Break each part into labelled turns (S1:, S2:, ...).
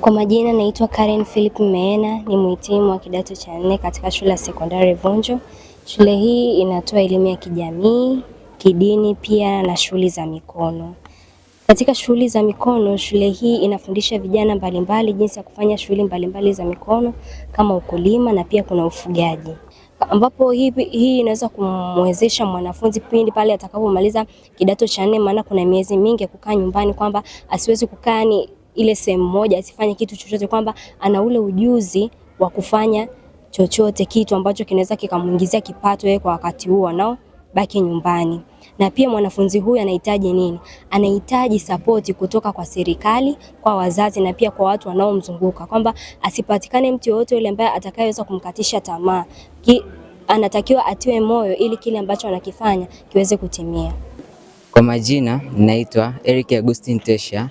S1: Kwa majina naitwa Karen Philip Meena, ni mhitimu wa kidato cha nne katika shule ya sekondari Vunjo. Shule hii inatoa elimu ya kijamii, kidini pia na shughuli za mikono. Katika shughuli za mikono, shule hii inafundisha vijana mbalimbali jinsi ya kufanya shughuli mbalimbali za mikono kama ukulima na pia kuna ufugaji ambapo hii, hii inaweza kumwezesha mwanafunzi pindi pale atakapomaliza kidato cha nne, maana kuna miezi mingi ya kukaa nyumbani, kwamba asiwezi kukaa ni ile sehemu moja, asifanye kitu chochote, kwamba ana ule ujuzi wa kufanya chochote kitu ambacho kinaweza kikamuingizia kipato yeye kwa wakati huo anao baki nyumbani. Na pia mwanafunzi huyu anahitaji nini? Anahitaji sapoti kutoka kwa serikali, kwa wazazi na pia kwa watu wanaomzunguka, kwamba asipatikane mtu yoyote yule ambaye atakayeweza kumkatisha tamaa. Anatakiwa atiwe moyo ili kile ambacho anakifanya kiweze kutimia.
S2: Kwa majina naitwa Eric Agustin Tesha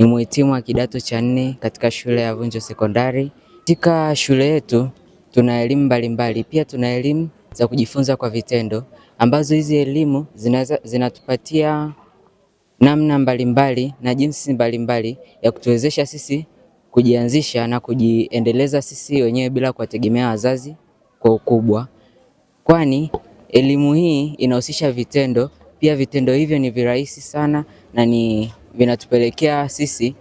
S2: ni mhitimu wa kidato cha nne katika shule ya Vunjo Sekondari. Katika shule yetu tuna elimu mbalimbali, pia tuna elimu za kujifunza kwa vitendo, ambazo hizi elimu zinatupatia namna mbalimbali mbali, na jinsi mbalimbali mbali ya kutuwezesha sisi kujianzisha na kujiendeleza sisi wenyewe bila kuwategemea wazazi kwa ukubwa, kwani elimu hii inahusisha vitendo. Pia vitendo hivyo ni virahisi sana na ni vinatupelekea sisi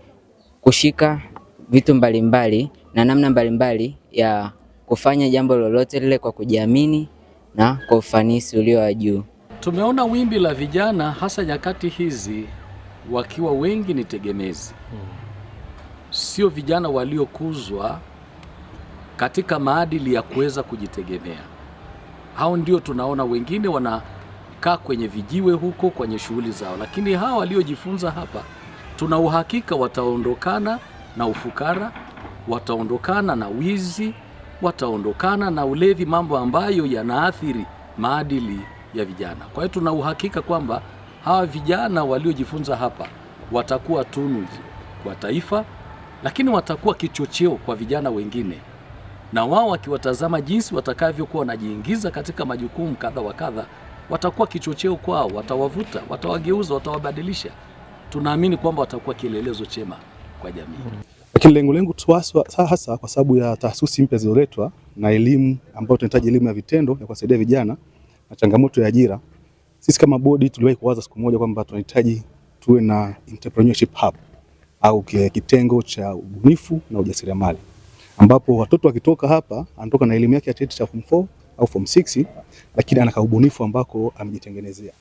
S2: kushika vitu mbalimbali mbali, na namna mbalimbali mbali ya kufanya jambo lolote lile kwa kujiamini na kwa ufanisi ulio wa juu.
S3: Tumeona wimbi la vijana hasa nyakati hizi wakiwa wengi ni tegemezi, sio vijana waliokuzwa katika maadili ya kuweza kujitegemea. Hao ndio tunaona wengine wana wanakaa kwenye vijiwe huko kwenye shughuli zao, lakini hawa waliojifunza hapa, tuna uhakika wataondokana na ufukara, wataondokana na wizi, wataondokana na ulevi, mambo ambayo yanaathiri maadili ya vijana. Kwa hiyo tuna uhakika kwamba hawa vijana waliojifunza hapa watakuwa tunu kwa taifa, lakini watakuwa kichocheo kwa vijana wengine, na wao wakiwatazama jinsi watakavyokuwa wanajiingiza katika majukumu kadha wa kadha watakuwa kichocheo kwao, watawavuta, watawageuza, watawabadilisha. Tunaamini kwamba watakuwa kielelezo chema kwa jamii.
S4: Lakini lengo lengu TUWASA hasa kwa sababu ya taasisi mpya zilizoletwa na elimu ambayo tunahitaji elimu ya vitendo ya kuwasaidia vijana na changamoto ya ajira. Sisi kama bodi tuliwahi kuwaza siku moja kwamba tunahitaji tuwe na entrepreneurship hub au kitengo cha ubunifu na ujasiriamali ambapo watoto wakitoka hapa anatoka na elimu yake ya cheti cha form au form 6, lakini ana kaubunifu ambako amejitengenezea.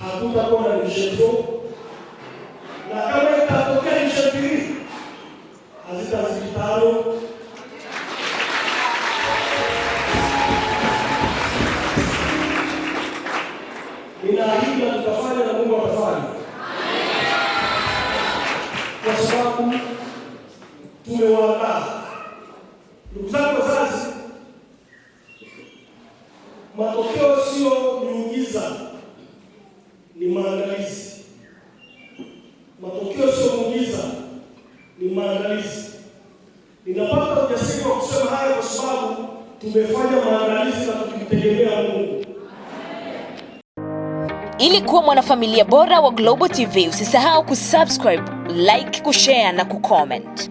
S4: Hakutakuwa na mishefo na kama itatokea mishefiri hazitazitaro ninaahidi tutafanya
S5: Matokeo sio miujiza, ni maandalizi. Matokeo sio miujiza, ni maandalizi. Ninapata ujasiri wa kusema haya kwa sababu tumefanya maandalizi na tukimtegemea Mungu. Ili kuwa mwanafamilia bora wa Global TV, usisahau kusubscribe, like, kushare na kucomment.